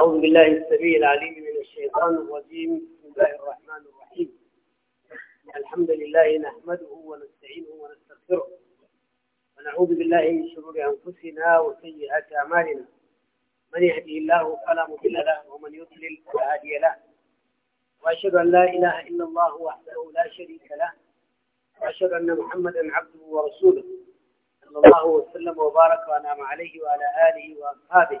أعوذ بالله السميع العليم من الشيطان الرجيم بسم الله الرحمن الرحيم الحمد لله نحمده ونستعينه ونستغفره ونعوذ بالله من شرور أنفسنا وسيئات أعمالنا من يهدي الله فلا مضل له ومن يضلل فلا هادي له وأشهد أن لا إله إلا الله وحده لا شريك له وأشهد أن محمدا عبده ورسوله صلى الله وسلم وبارك وأنعم عليه وعلى آله وأصحابه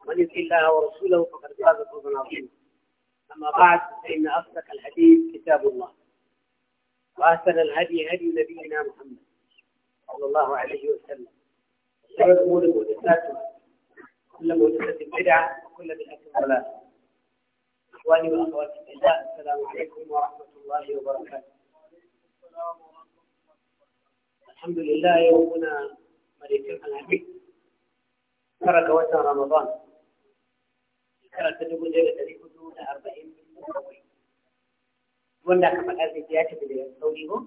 ومن يطع الله ورسوله فقد فاز فوزا عظيما اما بعد فان اصدق الحديث كتاب الله واحسن الهدي هدي نبينا محمد صلى الله عليه وسلم وشر الامور محدثاتها كل محدثه بدعه وكل بدعه ضلاله اخواني واخواتي في الله السلام عليكم ورحمه الله وبركاته الحمد لله يومنا مليء العميد ترك وجه رمضان shekara ta dubu ɗaya da ɗari hudu da arba'in da bakwai wanda aka faɗa zai ya tafi da sauri ko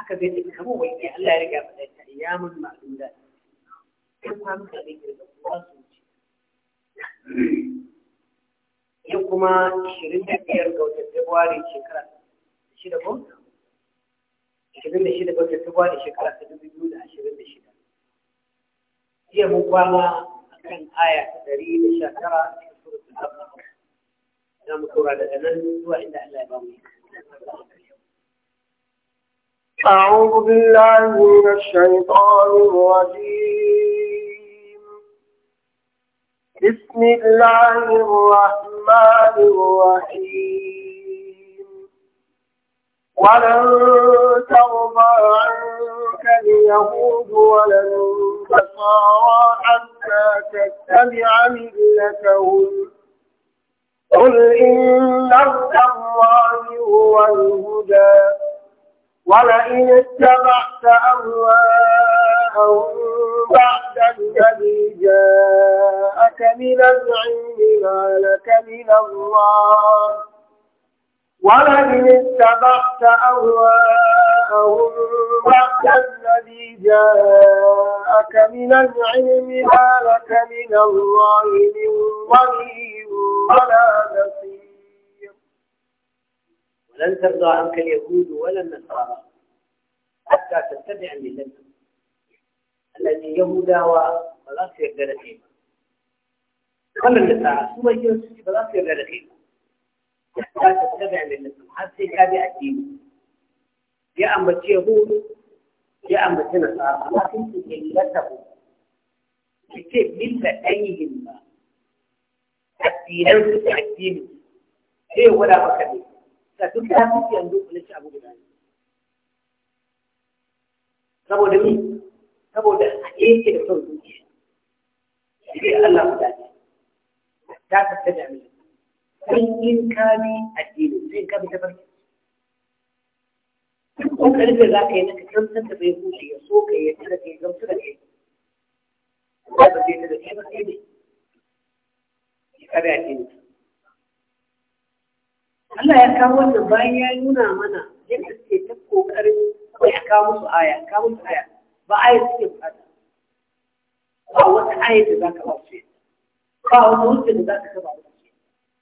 aka zai tafi kamar wai sai Allah ya riga faɗa ta iyamun ma'luda ɗan kwanuka ne ke da kowa su wuce yau kuma shirin da biyar ga watan Februari shekara shida ko ashirin da shida ga watan Februari shekara ta dubu biyu da ashirin da shida jiya mun kwana كان آية تدريب شاكرة في سورة البقرة أعوذ بالله من الشيطان الرجيم بسم الله الرحمن الرحيم ولن ترضى عنك اليهود ولا النصارى حتى تتبع ملتهم قل إن هدى هو الهدى ولئن اتبعت أهواءهم بعد الذي جاءك من العلم ما لك من الله ولئن اتبعت أهواءهم بعد الذي جاءك من العلم ما لك من الله من ولي ولا نصير ولن ترضى عنك اليهود ولا النصارى حتى تتبع ملتهم الذي يهودا ولا يقدر فيه ولا النصارى ثم يجوز ولا يقدر فيه حتى تتبع ملتهم har sai ka bi addini ya ambace hudu ya ambace nasara amma sun ce millata hu ki ce milla ɗayihin ba addinan su ta addini sai ya gwada maka ne ka duk ya fi yanzu kula ci abu guda ne saboda ni saboda a yake da son zuciya sai Allah ku dace ta tattaja mai sai ka bi addini sai ka bi duk kokarin da za ka yi na ka bai huce ya so ka yi da kai gamsu da kai ba ba ta da kai ba sai ne ka bi addini Allah ya kawo wannan bayan ya nuna mana yadda suke ta kokarin kawai kawo musu aya kawo musu aya ba aya suke bukata ba wata aya da za ka ba su ba wata wuce da za ka ba su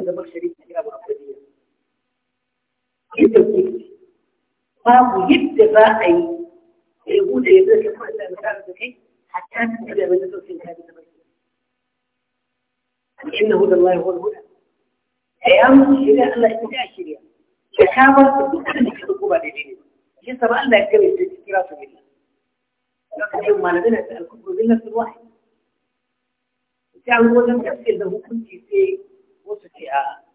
zama shari'a ta kira muhammadiyya yadda kuke babu yadda za a yi yahuda ya zai kafa da nasara da kai hatta ta tabi abin da sosai ta bi zama shari'a inna hudan lahi wal huda ayyamu shari'a Allah ita ta shari'a da ka bar su dukkan da ka duku ba daidai ne shi sa ba Allah ya kare su kira su gidi lokacin malamai na ta alkubru bin nasu wahi sai an wajen tafsir da hukunci sai ko su ce a'a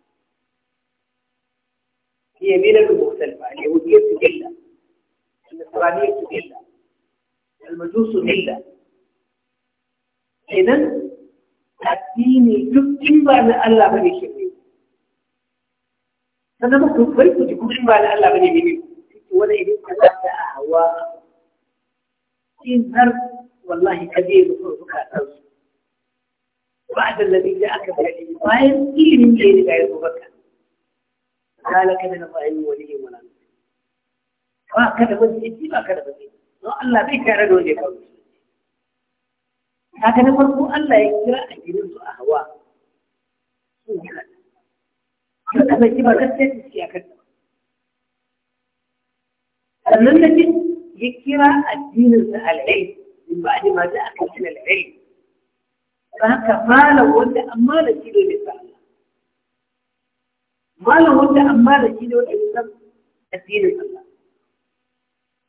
هي ملل مختلفة اليهودية ملة النصرانية ملة المجوس ملة إذن addini duk in ba na Allah bane ke ne sannan ba ku bai ku duk ba na Allah bane ne ne wanda idan hawa in har wallahi kaje mu furfuka kansu بعد الذي جاءك من العلم فاهم إلي من غير بكر لا لك من الله ولي ولا نصير وهكذا مسجد وهكذا مسجد الله بيك على دولي كوي haka na farko Allah ya kira a a hawa sun yi kada sun ba gaskiya su ce a kan sannan na ya kira addininsa in ba ma ba haka malam wanda amma da shi ne bai Allah malam wanda amma da shi ne wanda bai san addinin Allah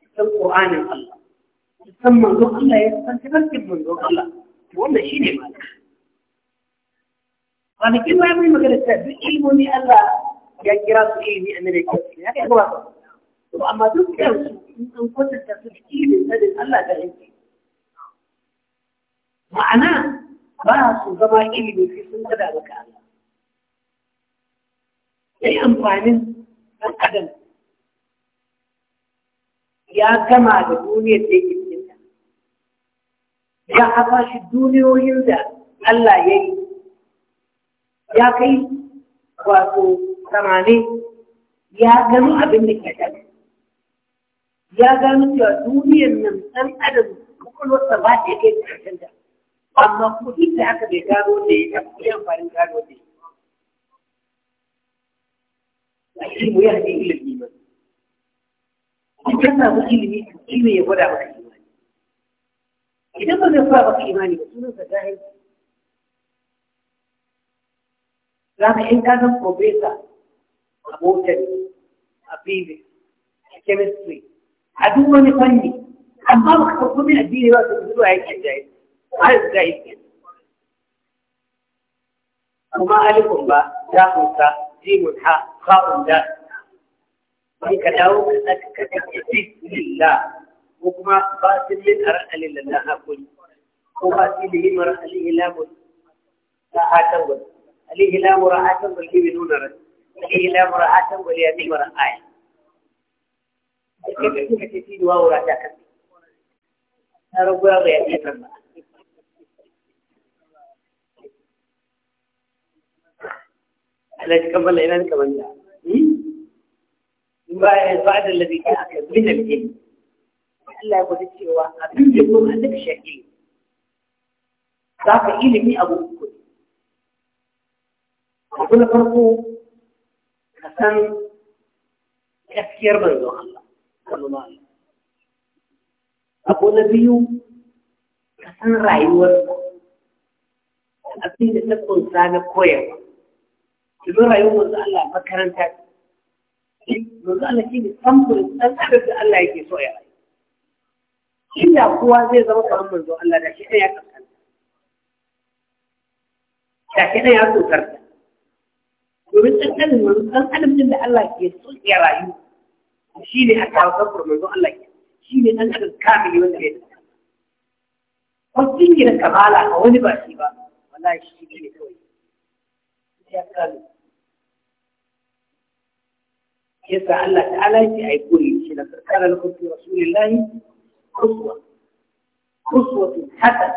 bai san Qur'anin Allah bai san Allah ya san tafarkin manzon Allah to wannan shi ne malam kwanakin ma mai magana ta duk ilmomi Allah ya kira su ilimi a nare kyau ya kai gaba to amma duk da su in an kwatanta su da ilimin sadin Allah da yanki ma'ana ba su zama ilimi sai sun gada maka Allah sai amfanin ɗan adam ya gama da duniyar da yake cikinta ya haɓa shi duniyoyin da Allah ya yi ya kai wato samane ya gano abin da ke ɗan ya gano cewa duniyar nan ɗan adam kwakwalwarsa ba ta kai ƙarshen da amma kuma duk da aka bai gano da ya tafi yi amfanin gano da ya ilmu ya haɗe ilimi ba idan samu ilimi shi ne ya gwada maka imani idan ba zai fara maka imani ba sunan sa jahil za ka in ka profesa a motar, a physics a chemistry a duk wani fanni amma ba ka ɗauko min addini ba ka zuwa yankin jahil alif ga ita kuma alifun ba ta hausa jimun ha ba'un da sai ka dawo ka saka ka kake bismillah ko kuma ba su min a ra'alin lallah hakuri ko ba su da yi mara alihi lamun ra'atan gwal alihi lamun ra'atan gwal gibi nuna rai alihi lamun ra'atan gwal ya nima ra'aya ake da suka ce fi duwa wura ta kan na raguwa ga ya ce kan ba Allah shi kammala ina ka banda ba ya ba da ladi ka aka bin da Allah ya gwada cewa abin da ko an daga shaki za ka ilimi abu uku abu na farko ka san gaskiyar manzon Allah sallallahu alaihi abu na biyu ka san kunsa koyarwa domin rayuwar manzo Allah makaranta ce manzo Allah shi ne samfurin ɗan adam da Allah yake so ya rayu inda kowa zai zama kamar manzo Allah da shi ɗaya ya kaskanta da shi ɗaya ya tsokarta domin ɗan adam manzo ɗan adam din da Allah ke so ya rayu shi ne a kawo samfurin manzo Allah ke shi ne ɗan adam kamili wanda ya tsokarta ko jingina kamala a wani ba shi ba wallahi shi ne kawai ya kalu yasa Allah ta'ala yake ai kuri shi na sarkara lakum fi rasulillahi uswa uswatun haka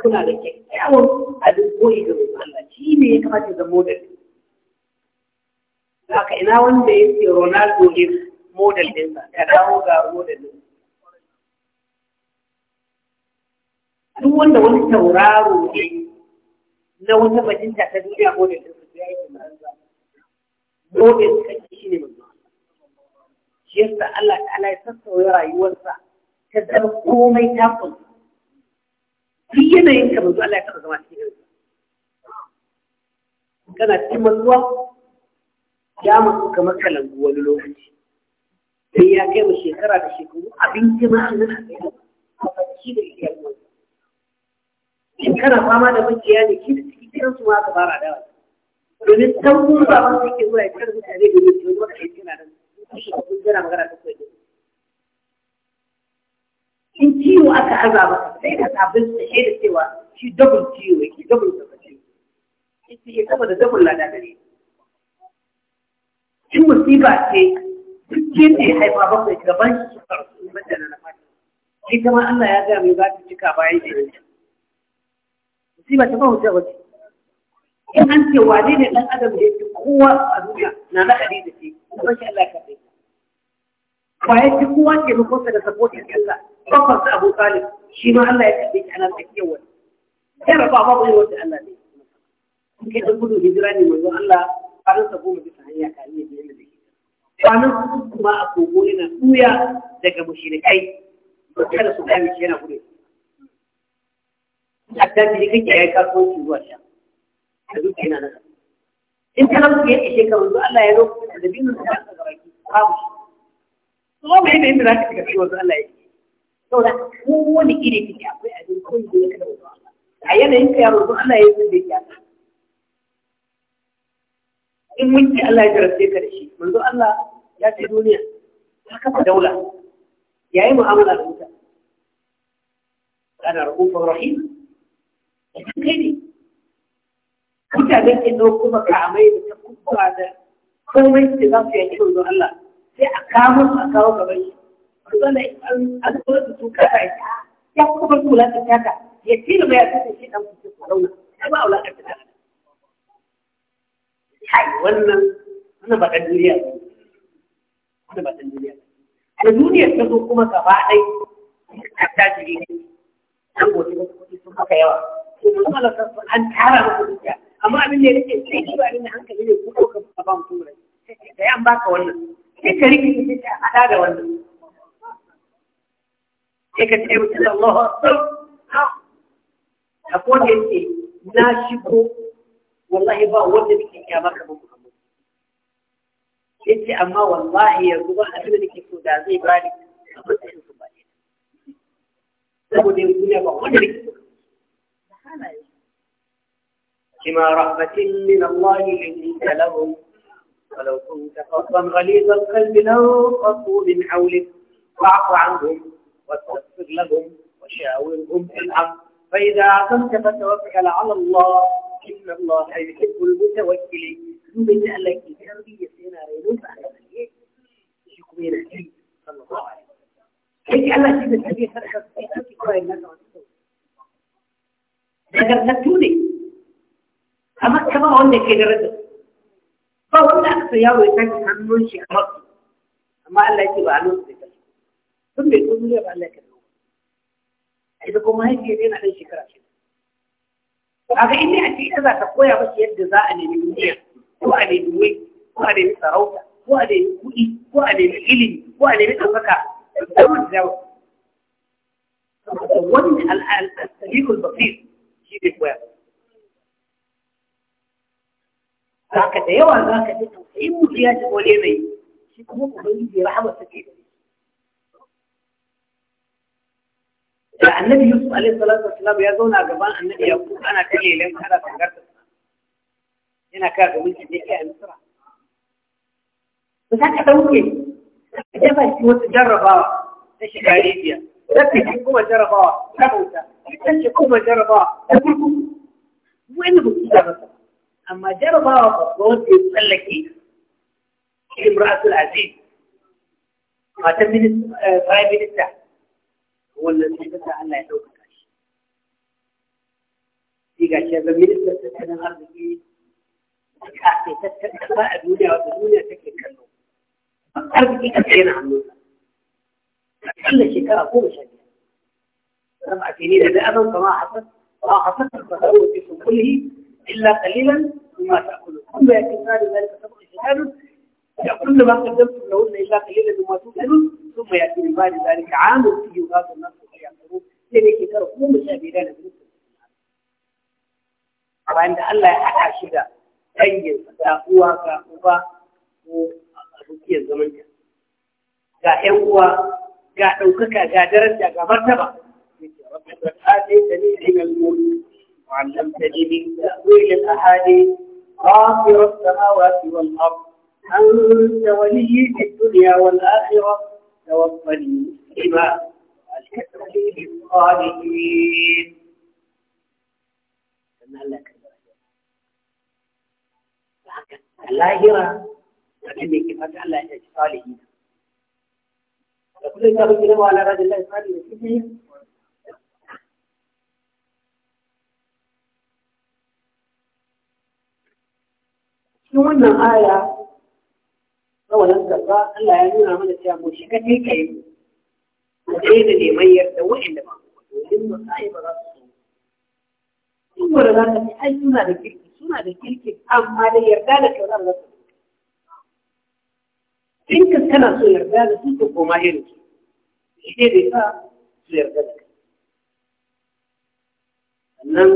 kuna da kyakkyawan abin koyi ga Allah shi ne ya kamata zama da haka ina wanda ya ce Ronaldo ne model ɗinsa ya dawo ga model ɗin duk wanda wani tauraro ne na wata bajinta ta duniya model ɗinsa ya yi tunanin dole cikakke shi ne manzo shi yasa Allah ta'ala ya sassauya rayuwarsa ta zama komai ta kunsa duk yanayin ka manzo Allah ya taɓa zama cikin kana cikin manzuwa ya masu kamar kalangu wani lokaci sai ya kai mu shekara da shekaru abinci ma nan a kai a fashi da iyalin in kana fama da makiya ne shi da cikin kiransu ma ka fara dawa domin dan mun ba wanda yake zuwa ya mutane da yake zuwa da yake na da shi kun jira magana da koyi in ciwo aka azaba sai ka sabin da shi da cewa shi double ciwo yake double tabbaci shi ya sama da double lada gare in musiba ce duk da ya haifa bakwai gaban shi in mutane na fata ita ma Allah ya gaya mai ba ta cika bayan shi musiba ta ba hujja in an ce wane ne dan adam da yake kowa a duniya na na kare da shi kuma shi Allah ka sai ba ya ci kowa ke mu kosa da supporting Allah bakon sa Abu Talib shi ma Allah ya kalle shi ana tsakiyar wani sai rafa ba bai wanda Allah ne kike da gudu hijira ne mai Allah farin sa goma bisa hanya ka iya biyan da shi kwanan kuma a kogo yana tuya daga mushrikai ba kada su gane shi yana gudu hatta da kake yayi kasuwanci zuwa sha da zuciya yana nan in ta nan ya ishe ka wanzu Allah ya roƙa da dabinin da ka ga baki babu shi kuma mai da inda za ka shiga cikin wanzu Allah ya yi saboda kowane iri kike akwai abin koyi da ya kada wanzu Allah a yanayin ka ya roƙa Allah ya yi sun da ya in mun ci Allah ya jarabce ka da shi manzo Allah ya ce duniya ta kafa daula Ya yi mu'amala da mutane kana rahufur rahim kai ne mutanen ke ɗauko makamai da ta kukkura da komai da za su yanki wanzu Allah sai a kawo a kawo gaban shi wanzu na an zo da su kasa ya ya kuma su wula ta taka ya ci da ya kasa shi ɗan kusa su rauna ya ba wula ta taka kai wannan wannan ba ɗan duniya ba wannan ba ɗan duniya da duniya ta zo kuma gaba ɗai a tajiri ne an gobe wasu kuɗi sun haka yawa sun malakar an tara musu dukiya amma abin da ya rike sai shi ba abin hankali ne ko ka ka ba mu rai da an baka wannan sai ka rike sai ka hada da wannan sai ka ce mutum Allah akbar a ko da yake na shigo wallahi ba wanda nake kiyama ka ba Muhammad yace amma wallahi yanzu ba abin da ke so da zai bani a matsayin ba saboda yanzu ne ba wanda nake so da yi. بما رحمة من الله لنت لهم ولو كنت فظا غليظ القلب لانقصوا من حولك فاعف عنهم واستغفر لهم وشاورهم في الأمر فإذا عزمت فتوكل على الله إن الله يحب المتوكلين من لك تربية سيناريو فأنا يكون النبي صلى الله عليه وسلم هيك الله سيد النبي صلى الله عليه وسلم ذكرتوني amma kama wanda ke da rajin ba wanda aka sa yawo ya tashi hannun shi a masu amma Allah ya ce ba a lokacin da sun bai kun ba Allah ya kalli a ita kuma haifiyar na ɗan shekara shida kaga in ne a ce ita za ta koya masa yadda za a nemi duniya ko a nemi wai ko a nemi sarauta ko a nemi kuɗi ko a nemi ilimi ko a nemi ɗaukaka da wani jawo wani al'adar tarihul basir shi ne koya za ka da yawa za ka ji tausayin mutu ya ji gole mai shi kuma ubangiji rahama ta ke da da annabi yusuf alaihi salatu wasalam ya zauna gaban annabi yakub ana ta lelen ana tangarta yana kara domin ki je kai a misra ba za ka dauke ka jaba shi wata jarrabawa ta shiga rijiya za ka ji kuma jarrabawa ta bauta ita ce kuma jarrabawa ta kurkuku wani ba ku ba أما جربا فضلون يقول لك امرأة العزيز قاتل من فرائب آه، النساء هو الذي يتبع أن لا يتوقع كاش ديقا شابا من النساء تتنى الأرض في حاسي تتنى أخباء الدنيا والدنيا تكن كلهم فقر بكي تبعين عن نوسى كل شيء كان أقول شيء سبع سنين أبي أمن فما حصلت فما حصلت الفتاوة في كله إلا قليلا مما تأكلون ثم يكفنا ذلك سبع شهاد يأكل ما قدمتم لهن إلا قليلا مما تأكلون ثم يأتي بعد ذلك عام فيه غاز الناس ويعمرون لذلك تركوا مشابهين بنفسهم bayan da Allah ya haɗa shi da dangin da uwa ga uba ko rukiyar zamanta ga ƴan uwa ga ɗaukaka ga daraja ga martaba yake rabbi ta ta ne da ni ilal mulk وعلمتني من تأويل الأحاديث غافر السماوات والأرض أنت ولي في الدنيا والآخرة توفني مسلما وألحقني بالصالحين lahira abin da yake fata Allah ya ji salihi da kullum ta rubuta wa cikin wannan aya rawalan gaba Allah ya nuna mana cewa mu shiga kai kai mu daina neman yarda wa'anda ba domin mu sai ba za su so in wanda za ka ci ai suna da kirki suna da kirki amma da yarda da kyau za su in ka kana so yarda da su ko koma irin su shi ne ka su yarda da kai sannan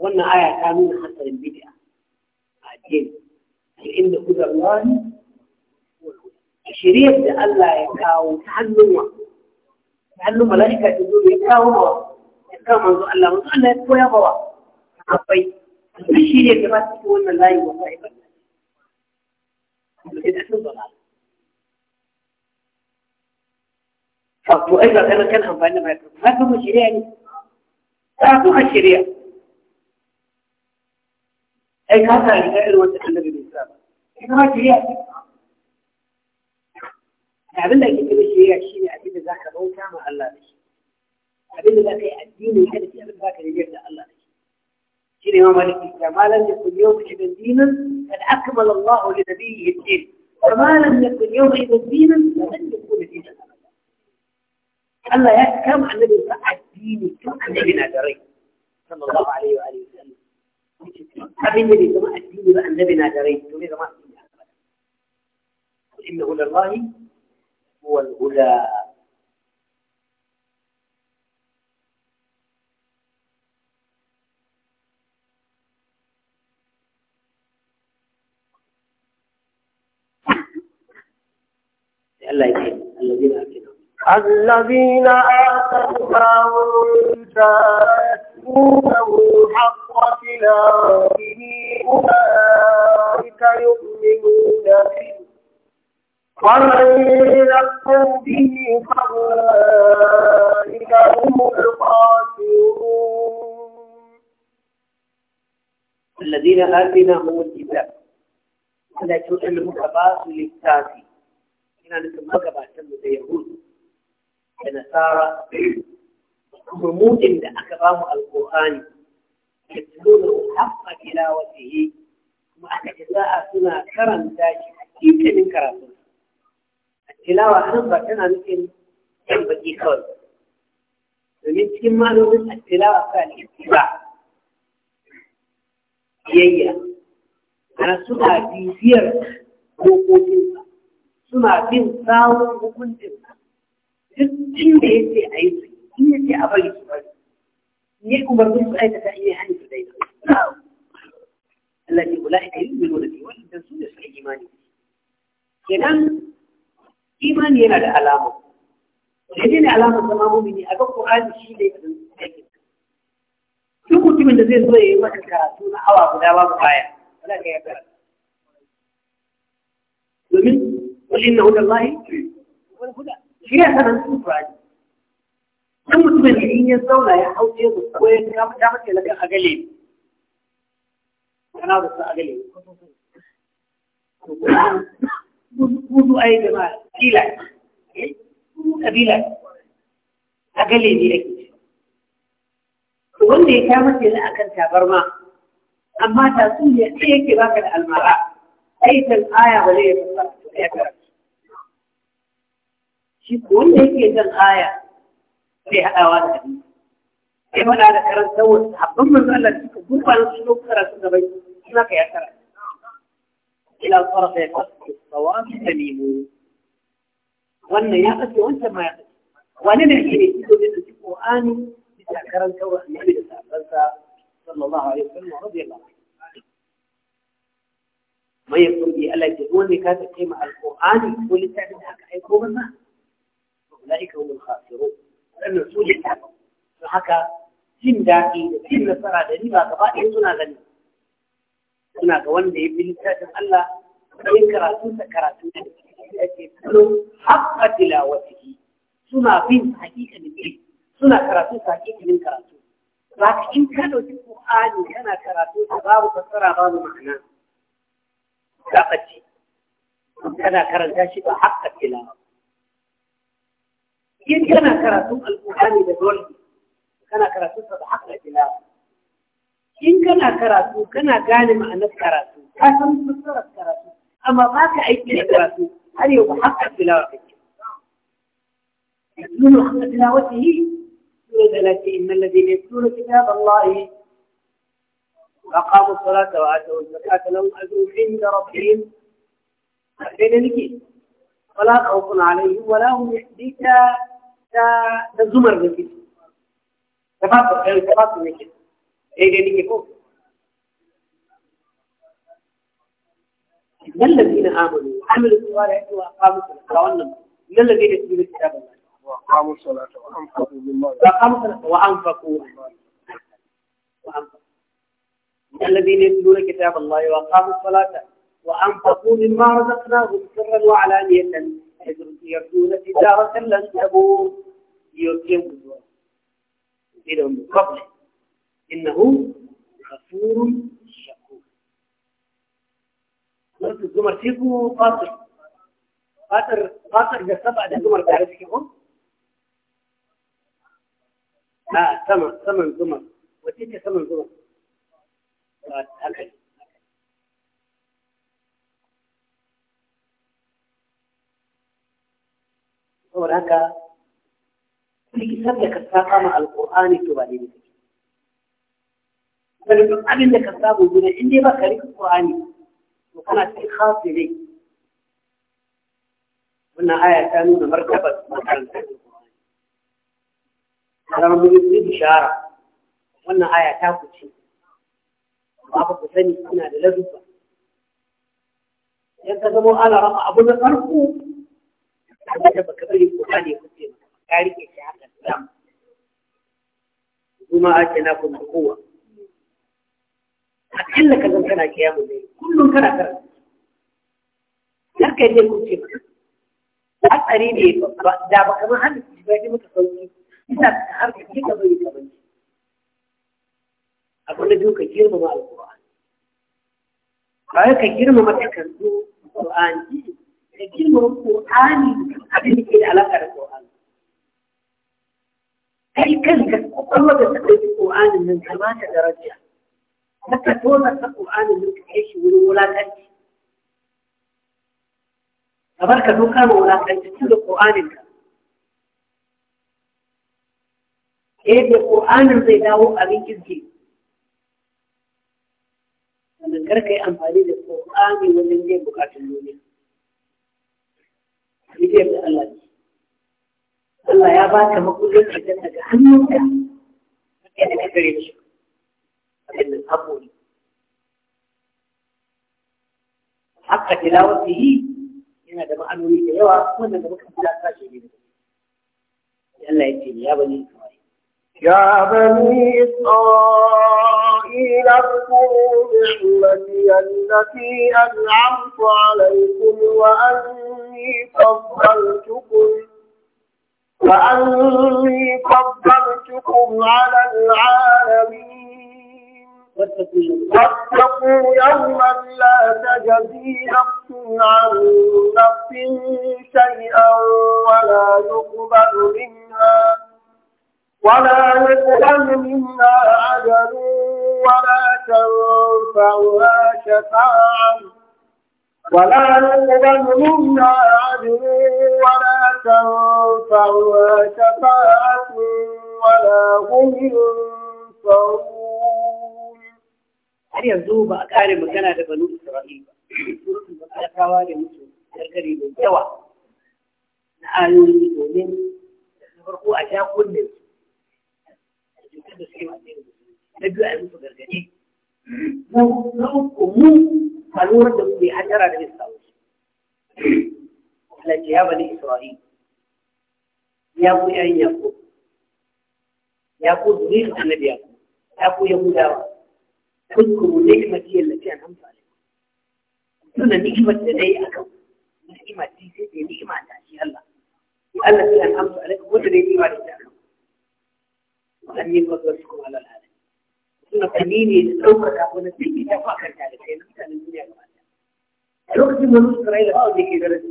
wannan aya ta nuna hatsarin bid'a الدين فإن هدى الله شريف ده الله يكاو تحلوا تحلوا ملائكة تقول يكاو يكاو منذ الله منذ الله يكاو يبوا عبي الشريف ما تقول لا يوضع إذا تنظر فأبو أجل أنا كان أنفعنا ما يكاو هذا هو الشريع هذا هو الشريع أي بالإسلام إذا إيه ما لك يعني الشيء ذاك الله لك أعمل ذاك الدين الحدث أعمل ذاك الله مالك ما لم يكن يومئذ دينا قد أكمل الله لنبيه الدين وما لم يكن دينا لن يكون دينا الله يحكم عن النبي صلى الله عليه وسلم صلى الله عليه وآله وسلم حبيبي النبي ناجرين تقولي إنه لله هو الغلا الذين آمنوا الذين آمنوا يتلونه حق تلاوته أولئك يؤمنون به ومن يكفر به فأولئك هم الخاسرون الذين آتيناهم الكتاب ولا تعلم أباس للتاتي إن أنتم مقبعة من اليهود ونصارى gumudin da aka ba mu alƙur'ani yatluna wata yi kuma aka ce za a suna karanta shi cikin karatu A tilawa nan ba tana nufin yan baki kawai domin cikin malamin a tilawa ka ba biyayya ana suna bibiyar dokokinsa suna bin tsawon hukuncinsa duk inda ya ce a yi su هي اللي أبي سؤال يكون برضو آية تأيي هني في الدين الذي أولئك يؤمنون به ويدرسون في إيمانه kenan imani yana da alama da ne alamar zama mumini a ga Qur'ani shi ne duk mutumin da zai zo ya yi maka karatu na awa guda babu baya wala ga yadda domin wal inna hudallahi wal huda shi ne sanan Qur'ani dan mutumin da in ya zauna ya hauce su ko ya kama ta mace kana da su agale kudu ai da ma kila kabila agale ne wanda ya kama ce na akan tabarma amma ta sun ne sai yake baka da almara sai ta aya ba zai ya fara shi wanda yake aya sai haɗawa da hadisi sai faɗa da karanta wasu haɓɓun manzo Allah suka gurba da su lokacin su gaba suna ka ya tara ila tsarafa ya kasu tsawafi da nemo wannan ya kasu wancan ma ya kasu wani ne ake ne shi ko da shi ƙo'ani bisa karanta wasu nabi da sahabbansa sallallahu alaihi wasallam radiyallahu anhu ما يقول لي ألا يجدون كاتب قيمة القرآن ولتعلم حق أي قومنا أولئك هم الخاسرون sanin su ne don haka jin daɗi da jin nasara da riba gaba ɗaya suna gani suna ga wanda ya bi littafin Allah yin karatu da karatu da ake kallo haƙƙa tilawatihi suna bin haƙiƙanin bi suna karatu sa haƙiƙanin karatu Ba ka in ka ɗauki Qur'ani kana karatu da babu fassara babu ma'ana ka ɓace kana karanta shi ba haƙƙa tilawa in kana karatun alƙur'ani da dole kana karatun sa da haka tilawa in kana karatu kana gane ma'anar karatu ka san fassarar karatu amma ba ka aiki da karatu har yau ba haka tilawa kake يتلون حق تلاوته سورة التي إن الذين يتلون كتاب الله وأقاموا الصلاة وآتوا الزكاة لهم أجر عند ربهم أحسن لك ولا خوف عليهم ولا هم يحزنون دا زمر دي دا تاسو ته تاسو نه کیږي اې دې نه کو الذين امنوا عملوا الصلاه واقاموا الصلاه وانفقوا مما الذين يتلون كتاب الله واقاموا الصلاه وانفقوا مما رزقناهم سرا وعلانيه يبدون تجارة لن تبور يوم إلى من قبل إنه غفور شكور سورة الزمر فيكم قاصر قاصر قاصر ده سبع آه، الزمر تعرف كيفهم ها ثمن ثمن زمر وتيجي ثمن زمر هكذا ورقة في كتاب لك الساقة مع القرآن تبالي فلنقابل لك الساقة إن إني ما كريك القرآن وكان شيء خاص لي قلنا آية كانوا مركبة مثلا في القرآن فلنقابل لك بشارة قلنا آية كافو شيء وقابل لك أنا للذبة يتزموا على رقع أبو نقرقوا amma da baka bari ko ba ne kuce ka rike shi haka sam kuma a na kuma kowa A akalla ka zan kana kiyamu ne kullum kana karanta haka ne kuce maka hatsari ne da ba kamar hannun shi ba ne maka sauki ina ka har ka ci gaba yi gaba ne abu na biyu ka girmama alƙur'ani ba ka girmama takardu alƙur'ani da girmar Qur'ani abin da ke da alaƙa da Qur'ani kai kanka kwakwalwa da ta ɗauki Qur'anin nan kama ta daraja haka tona ta Qur'anin nan ka kai shi wurin wulaƙanci kamar ka zo kama wulaƙanci tun da Qur'anin ka yadda Qur'anin zai dawo abin kirki sannan karka yi amfani da Qur'ani wajen yin bukatun duniya bidiyar da Allah ne Allah ya baka makullin aljanna ga hannunka kai ta kare shi abin da sabo ne hakka yi yana da ma'anoni da yawa wanda da muka kula lafashe ne Allah ya ce ya bani Isra'ila يا بني إسرائيل اذكروا نعمتي التي أنعمت عليكم وأني فضلتكم وأني فضلتكم على العالمين واتقوا يوما لا تجزي نفس عن نفس شيئا ولا يقبل منها ولا يسأل منا عدل ولا تنفعها شفاعة ولا يقبل منا عدل ولا تنفعها شفاعة ولا هم ينصرون har yanzu ba a kare magana da banu Isra'il ba. Surutun ba talakawa da musu gargari mai yawa na ayoyi domin da farko a sha kunnen da suke da na biyu a yi musu gargaɗi a lura da mu bai ba da bisa wasu alaƙi ya bani isra'il ya ku yayin ya ku ya ku zuriyar annabi ya ku ya ku yahudawa kuskuru ni'imati allati da shi Allah da an yi mazuwarsu kuma lalata. hali suna kani ne da ɗaukaka wani cikin ta fakar da kai na mutanen duniya gaba a lokacin wani isra'ila ba wanda ke da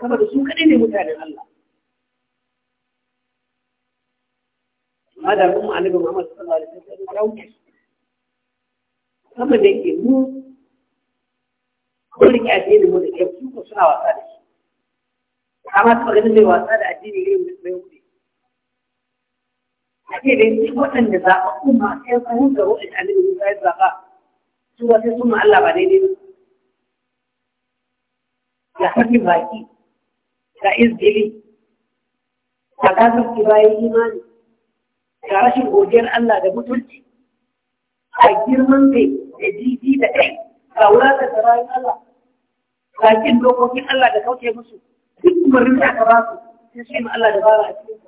kama da su kaɗai ne mutanen allah amma da kuma annabi muhammad sallallahu alaihi wasallam ya wuce su kama da ke mu ko ke addini mu da kyau su ko suna wasa da shi amma su maganin mai wasa da addini irin mai wuce ake da yake waɗanda zaɓaɓɓun masu yan sanin da waɗanda annabi Musa ya zaɓa su ba sai Allah ba daidai ba. Ya hakin baki, ga izgili, ga gazarki bayan imani, ga rashin godiyar Allah da mutunci, ga girman kai da jiji da ɗai ga wulatar da bayan Allah, ga kin dokokin Allah da kauce musu, duk umarnin da aka ba su sai su yi ma Allah da bara a cikin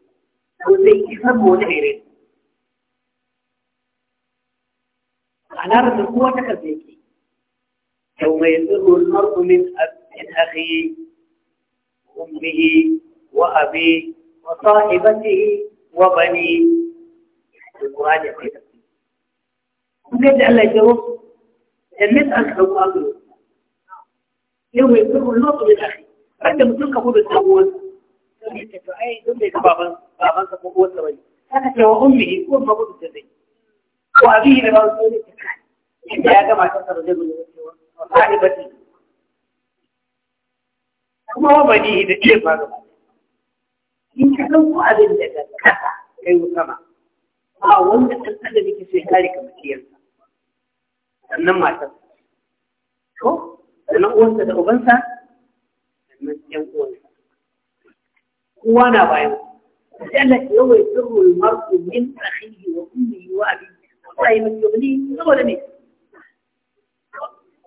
واللي يفهمه ونعيره معناه ان القوه تكذبك يوم يفر المرء من أب من اخيه وامه وابيه وصاحبته وبنيه يعني القران يقول بجد الله يجاوب نسال حقوق يوم يفر المرء من اخيه فانت مثل قبول الزوج ummi ce to ai dun bai ga baban baban sa ko uwarsa bane haka ce wa ummi ko ba gudu ta dai ko abihi da ba su ne ta kai inda ya ga matar sa rajul ne cewa sahibati kuma wa bani da ke faru in ka san ko abin da ka kasa kai sama ba wanda ɗan adam yake so ya kare kamar ciyarsa sannan matarsa ko sannan uwansa da ubansa sannan 'yan uwansa uwa na bayan Jalla yawa ya turu ya marko min ahihi wa kulli wa abi sai mun yi ni saboda ne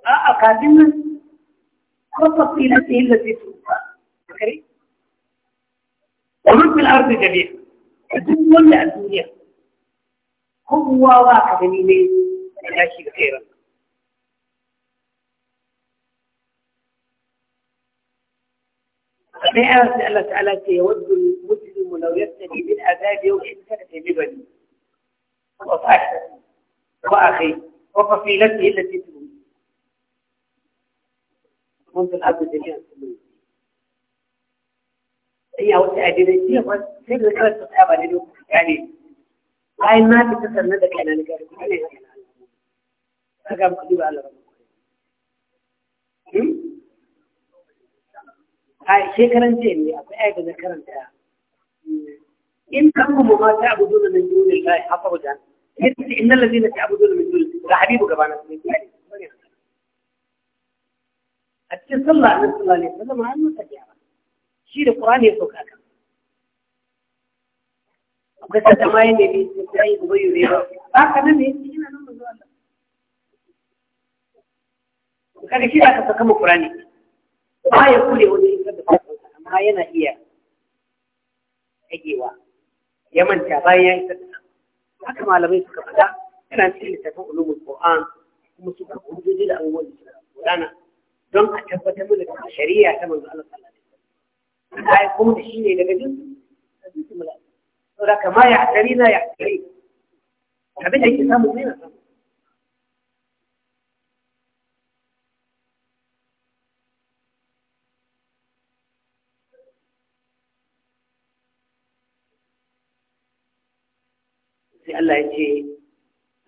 a a kafin nan ko tafsila ta illa ta tuka kare wa min fil ne, jami'a duk wanda a duniya kowa ba a gani ne ya shiga kai فبها سأل تعالى يود المسلم لو يفتدي من عذاب يوم كانت ببني وصاحبه وأخيه وفصيلته التي تموت ممكن أبو جميع هي أو تأجيلتي وفي ذكرة تصحابة لديهم يعني هاي ما تتصل ندك أنا نقارب عليها أقام كذب على ربك a shekaran jiya ne akwai ayyuka na karanta in kan kuma ma ta abu dole min dole la hafa wajen yace innal ladina ta'buduna min dole ga habibu gabana su ne a cikin sallah annabi sallallahu alaihi ma an masa ba. shi da qur'ani ya sauka kan akwai sata ma yi ne sai ubai yure ba haka nan ne yana nan manzo Allah kaga shi da ka saka mu qur'ani ba ya kure wajen isar da sakonsa amma yana iya ragewa ya manta bayan ya isar da haka malamai suka faɗa yana cikin littafin ulumul qur'an kuma suka hujjoji da abubuwan da suka gudana don a tabbatar mana da shari'a ta manzo Allah sallallahu alaihi wasallam ai kuma da shine daga jinsu da jinsu mala'ika saboda kama ya hakari na ya hakari abin da yake samu ne na samu Allah ya ce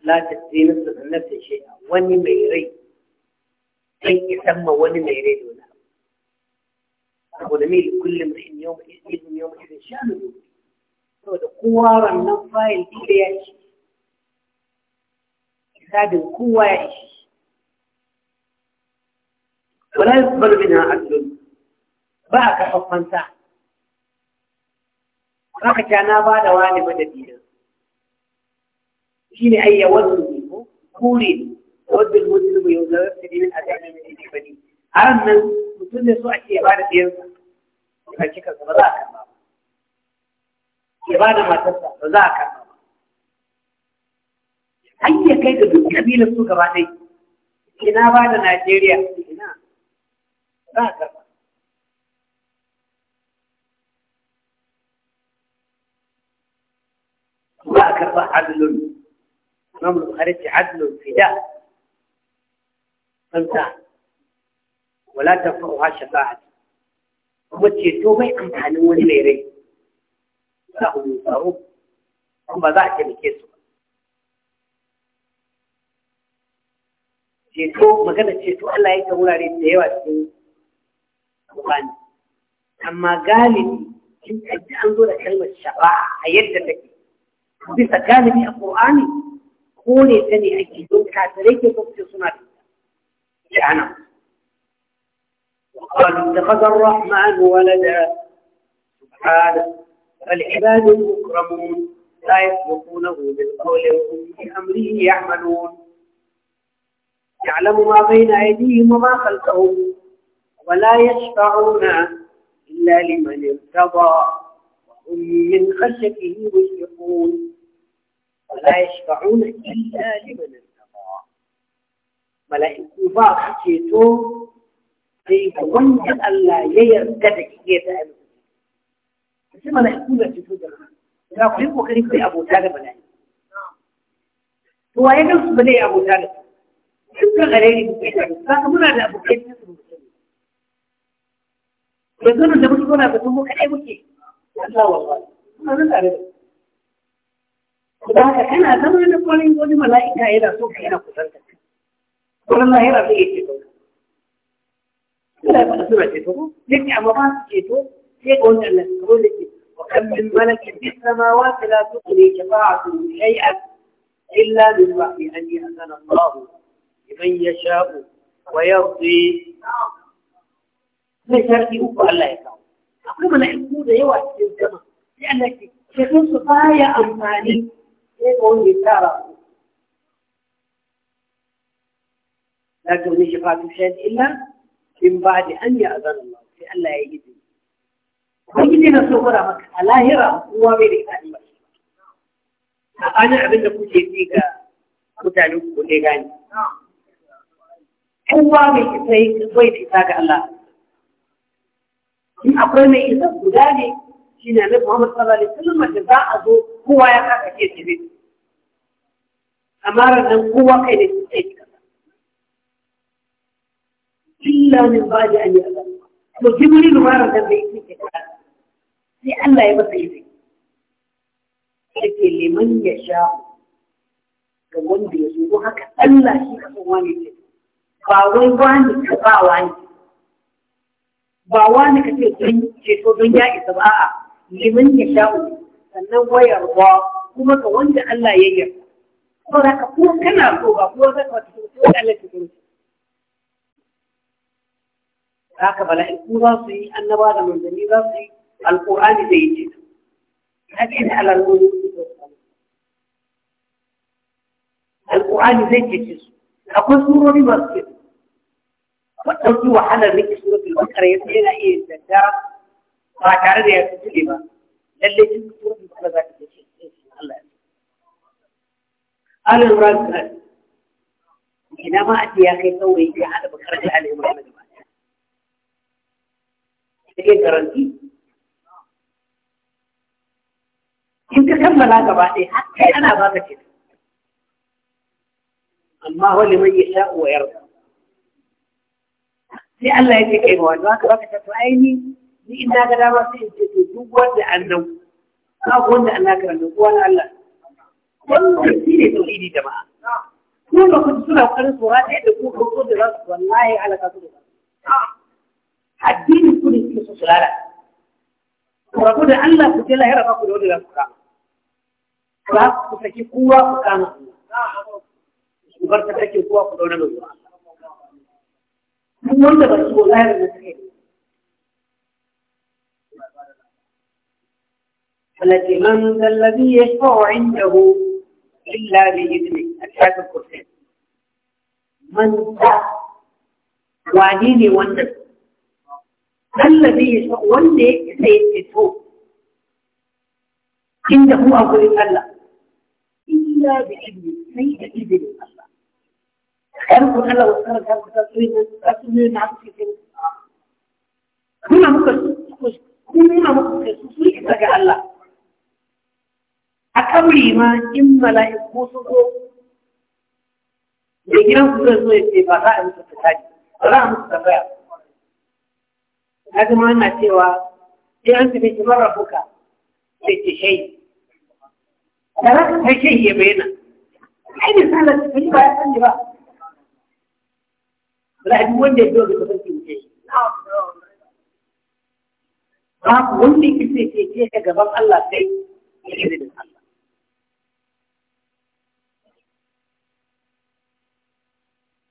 la ta tsina su nafsin shi wani mai rai sai isan ma wani mai rai da wani saboda mai kullum da in yau izin yau izin shanu ne saboda kowa wannan fayil ɗin ya ci hisabin kowa ya ci ولا يقبل منها عدل ba a karɓar fansa haka ta na ba da wani madadi shine ai a ne ko kuri yawaddu al-muslimu yuzawwiju min ajami min ibadi haran nan mutum ne so ake ba da ɗiyarsa ka ba za ka ba ke ba matarsa ba za ka ba hanyar kai da duk kabilar su gaba najeriya ina za ba a karɓa adaloli imam al-bukhari ce adlun fida kansa wala tafuha shafa'at kuma ceto bai amfanin wani mai rai za ku tsaro kuma za a taimake su magana ceto Allah ya ta wurare da yawa cikin Qur'ani amma galibi in kaji da kalmar shafa'a a yadda take bisa galibi a Qur'ani kone ta ne ake don kafirai ke kuma suna da وقالوا اتخذ الرحمن ولدا سبحانه فالعباد المكرمون لا يسبقونه بالقول وهم في أمره يعملون يعلم ما بين أيديهم وما خلفهم ولا يشفعون إلا لمن ارتضى وهم من خشيته مشفقون ولا يشفعون إلا لمن ارتضى ملائكة باق كيتو في وند الله ييرتدك كيف أنه sai mala'iku da fito da za ku yi kokari ku yi abota da mala'iku to waye nan su bane abota da su duk da gare ne kuke da za ka muna da abokai da muke da haka kana zama da kwarin wani mala'ika yana so ka yana kusanta wurin lahira zai iya ceto Allah ya faɗa suna ceto yake amma ba su ceto sai ga wani Allah kamar da ke wa kan min malakin bi samawati la tuqri shafa'atu shay'an illa min ba'di an ya'zana Allah liman yasha'u wa yardi sai sharti uku Allah ya kawo akwai mala'iku da yawa cikin sama sai Allah ke ceton su baya amfani يقول يسارة لا تغني شفاعة شيء إلا من بعد أن يأذن الله في أن لا يجد ويجي نصورة مكة لا هرى هو بيرك أنا أبن لكم شيء mutane ku ne gani. Kowa mai isa yi bai da إن ga إذا In shi ne annabi Muhammad sallallahu alaihi wasallam da za a zo kowa ya kaka ke tabe amma nan kowa kai ne ke yi kaza illa min ba'di an yaza to jibril ma ranan bai yi ke kaza sai Allah ya masa yi yake liman ya sha ga wanda ya zo haka Allah shi ka san wani ke. ba wai wani ka ba wani ba wani ka ce don ceto don ya isa ba a'a لمن يشاء سنن ويرضى كما كون الله يجب فلا تقول كما هو أقول ذاك وتقول الله تقول ذاك بلا إقراصي النبى من أقول راسي القرآن بيجي حديث على الوجود القرآن زي كيس أقول أقول أقول أقول أقول أقول أقول أقول أقول سورة المسجد فتوجه أقول ذلك سورة البقرة أقول إيه الدجال ba tare da ya kuɗe ba lalle kin ko in ba za ka ce Allah Allah Imran ina ma ake ya kai saurayi ya haɗa bakar da Allah Imran da ba take garanti in ka kammala gaba ɗaya har kai ana ba ka ce amma wani mai yasha wa yarda sai Allah ya ce kai ma wanda ka baka ta to aini ni in na ga dama sai in ce to duk wanda an nau babu wanda an naka ranar uwa na Allah wannan shi ne tauhidi jama'a ko ba kun suna karin tsora da yadda ko ko da za su wallahi alaka su da addini ku ne su su lalata ku da Allah ku je lahira ba ku da wanda za ku kama ba ku saki kowa ku kama ku bar ta take kowa ku daura da ruwa wanda ba su lahira da suke التي من ذا الذي يشفع عنده إلا بإذنه الحاجة الكرسي من ذا وعديني وانا الذي يشفع وانا سيدته عنده أقول الله إلا بإذنه سيد إذن الله أرجو الله وسلم كان كتابين أتمنى نعم في كل كنا مكتوب كنا مكتوب سويك تجعل الله a kaburi ma in mala'iku sun zo da gidan su zai zo ya ce ba za a musu fitari ba za a musu tambaya na zama ana cewa sai an tafi shi mara buka sai ce shai da za ka kai shai ya bayyana ai misalar ta yi ba ya sani ba ra'ayi wanda ya zo da kasance wuce shi babu wanda ya ce ce ga gaban Allah sai ya izinin Allah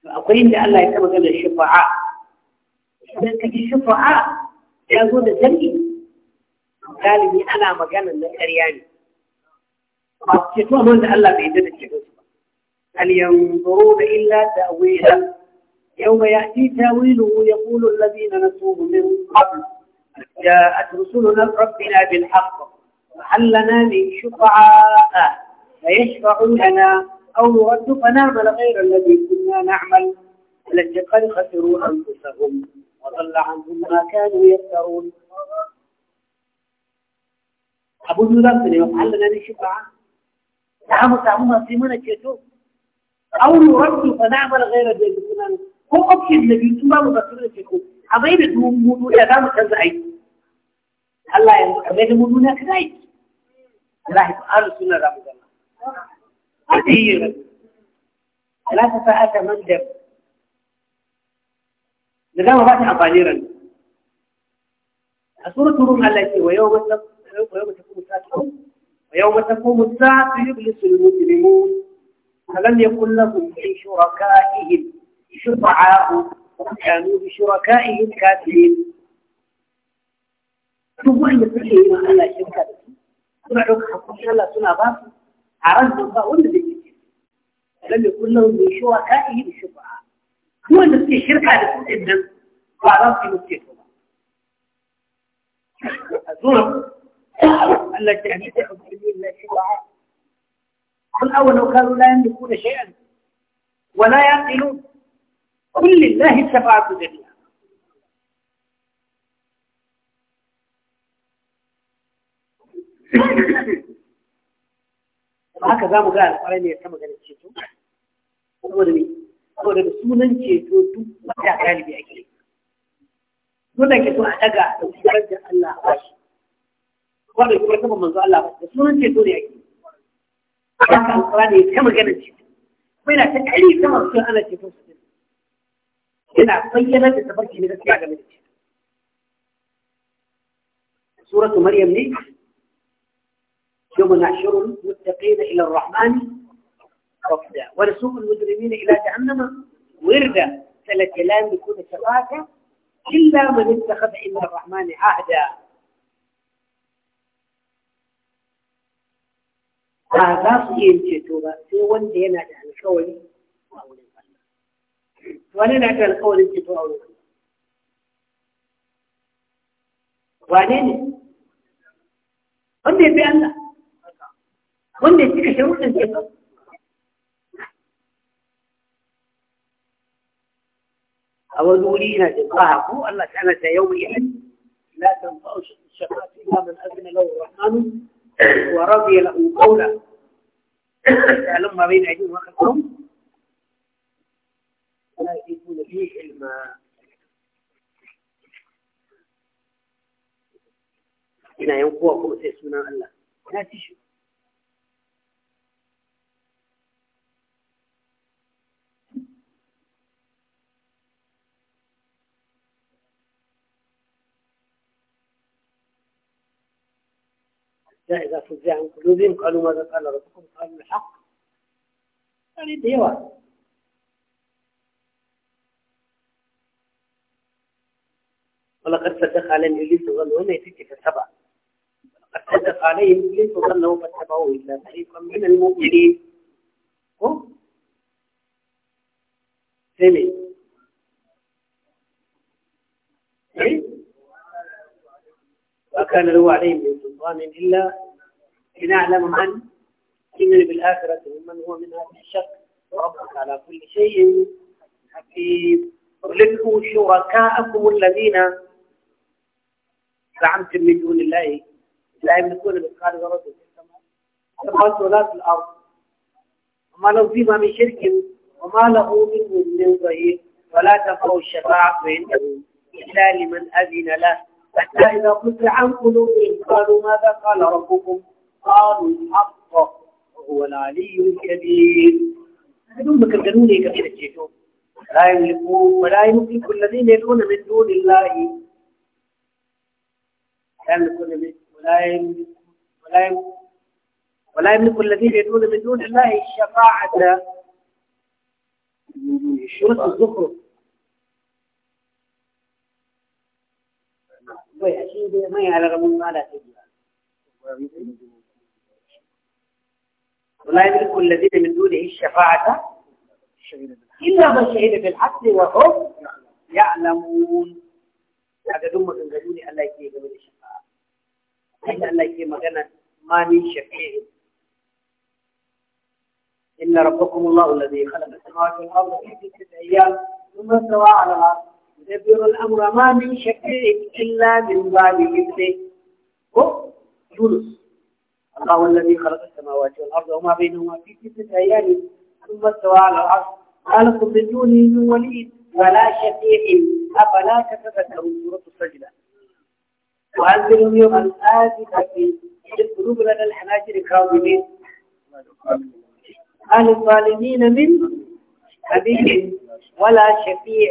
فأقول إن الله يتبقى للشفعاء لأنك الشفعاء يقول الزمين قال لي أنا مجانا للأرياني فأقول إن الله بإذن الشفعاء هل ينظرون إلا تأويلا يوم يأتي تأويله يقول الذين نسوه من قبل جاءت رسلنا ربنا بالحق وحلنا من شفعاء فيشفع لنا أو نرد فنعمل غير الذي كنا نعمل التي قد خسروا أنفسهم وضل عنهم ما كانوا يفترون أبو جودان سنة وفعل لنا شفاعة نعم تعمل في من كتو أو نرد فنعمل غير الذي كنا نعمل هو option na biyu tun babu basirar ce يا دام تزعي الله duhun mudu da يا mu راح aiki Allah yanzu كثيرا ثلاث ساعات مندب نظام فاتح أطاليرا سورة روم التي ويوم ويوم تقوم الساعة ويوم تقوم الساعة يبلس المجرمون فلم يكن لهم من شركائهم شفعاء وكانوا بشركائهم كافرين duk wanda suke yi ma Allah shirka da su suna ɗaukar hakuri Allah suna ba su عرفت فأقول لك لم يكن له من شركائه بشبعة هو أن في الشركة لكل إبنك وعرفت مكتبه الظلم ألا تعنيت حبه إلا شبعة قل أولا لا يملكون شيئا ولا يعقلون قل لله سبعة دنيا Thank you. haka za mu ga alfarai ne ta magana ceto saboda me saboda da sunan ceto duk wata galibi ake yi ceto ke a daga da kusurar da Allah a bashi kuma da saman manzo Allah ba da sunan ceto ne ake haka alfarai ne ta magana ceto kuma yana ta kari ta masu ana ceton su yana bayyana da tafarki ne gaskiya game da ceto suratu maryam ne يوم نحشر المتقين إلى الرحمن وفدا ونسوق المجرمين إلى جهنم وردا فالتي لا يكون شفاكا إلا من اتخذ الى الرحمن عهدا هذا صين كتوبة في وندينا عن قولي وأولي القلب وأنا نعجل قولي كتوبة أولي القلب وأنا أمي بأن هن يتكلمون اليابان أولينا جزاها هو الله سنة يوم يحد لا تنفع الشفاعة إلا من أذن له الرحمن ورضي له قولا لما بين أيديهم وخلفهم لا يكون فيه علما إنا يوم قوة قوة اسمنا الله لا تشوف إذا فزع عن قلوبهم قالوا ماذا قال ربكم قالوا الحق يعني الديوان ولقد صدق عليهم إبليس ظنه هنا يتكي السبع ولقد صدق عليهم إبليس ظنه فاتبعوه إلا فريقا من المؤمنين هم ايه وكان له عليهم من سلطان إلا لنعلم من يؤمن بالآخرة ومن هو منها في الشك وربك على كل شيء حكيم قل شركاءكم الذين زعمتم من دون الله لا يملكون مثقال ذرة في السماء السماوات ولا في الأرض وما لهم فيما من شرك وما له منه من ظهير ولا تقروا الشفاعة فإنه إلا لمن أذن له حتى إذا قلت عن قلوبهم قالوا ماذا قال ربكم قالوا الحق وهو العلي الكبير بدون ما كانوا لي كثير الشيطان لا يملكون ولا يملك الذين يدعون من دون الله لا يملكون ولا يملك ولا يملك ولا يملك الذين يدعون من دون الله الشفاعة شروط الزخرف ولا يملك الذين من دونه الشفاعة إلا من شهد بالعدل وهم يعلمون هذا دم من قالوني الله يكيه قبل الشفاعة إن الله يكيه مغنى ما من شفيع إن ربكم الله الذي خلق السماوات والأرض في ستة أيام ثم استوى على الأرض يبير الأمر ما من شفيع إلا من باب إذنه هو يونس الله الذي خلق السماوات والأرض وما بينهما في ستة أيام ثم استوى على العرش ما لكم من دونه من ولي ولا شفيع أفلا تتذكرون سورة السجدة وأنزلهم يوم الاتي في قلوب لنا الحناجر كاظمين أهل الظالمين من حبيب ولا شفيع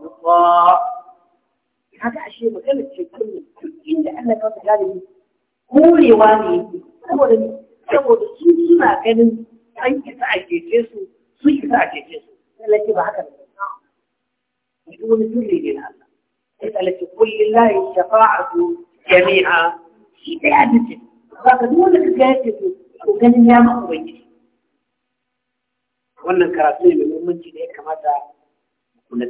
Allah kaga ashe magana ce kullum duk inda Allah ka ta galibi korewa ne saboda saboda su suna ganin an isa a keke su su isa a keke su sai ba haka ne duk wani turle ne na Allah sai lalace kullillahi shafa'atu jami'a shi daya dace ba ka duk wanda ka ga yake to ko ganin ya ma ubangiji wannan karatu ne mai muhimmanci da ya kamata mu kula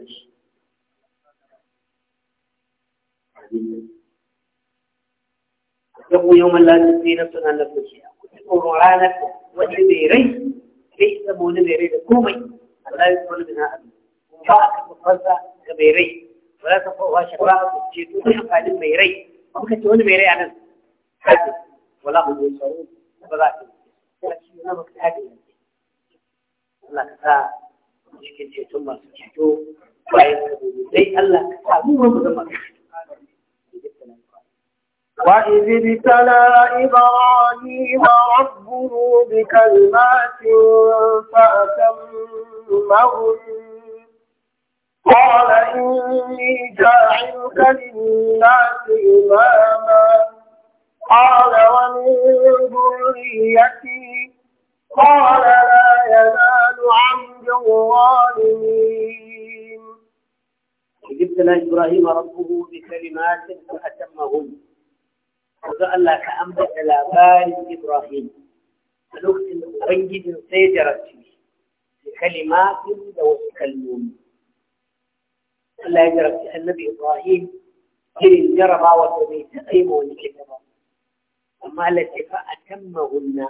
يقول يوم لا تجزي نفس عن نفس شيئا وتقول رانك وتبيري ليس مولد يريد كومي ولا يدخل منها أبدا ومبارك المفرزة كبيري ولا تفوقها شفاء وتجيتوني قادم بيري ممكن تقول بيري عن حاجة ولا هم يشعرون ولا Allah ka sa cikin ceton masu ceto bayan ka zai Allah ka sa mu ba mu zama وإذ ابتلى إبراهيم ربه بكلمات فأتمهن قال إني جاعلك للناس إماما قال ومن ذريتي قال لا ينال عبد الظالمين إذ ابتلى إبراهيم ربه بكلمات فأتمهن وضع الله كأمر على باري إبراهيم فلوكت المبيد سيجرة كلمات لو تكلمون فلا يجرى النبي إبراهيم كل الجرى وتبي تقيمه لكبرى أما التي فأتمهن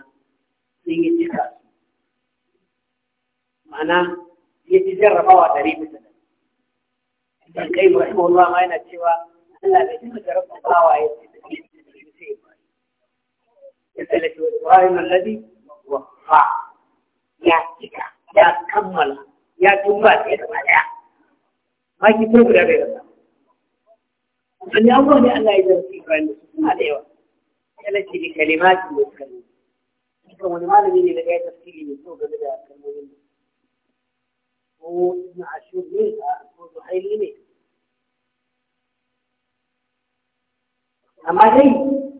في اتكاس معناه يتجرى باوة تريب مثلا القيم رحمه الله ما ينتشوى ألا يتمجرى باوة يتكاس التي إبراهيم الذي وقع يا تكا يا كمل يا جمعة يا ما يجي بروجرام أن أول ألا إذا في إبراهيم سبحان الله التي بكلمات يتكلم يكون ما لم يجي لقى تفسير يسوق بدا كلمة هو ابن عاشور منها هو زحيل منها أما شيء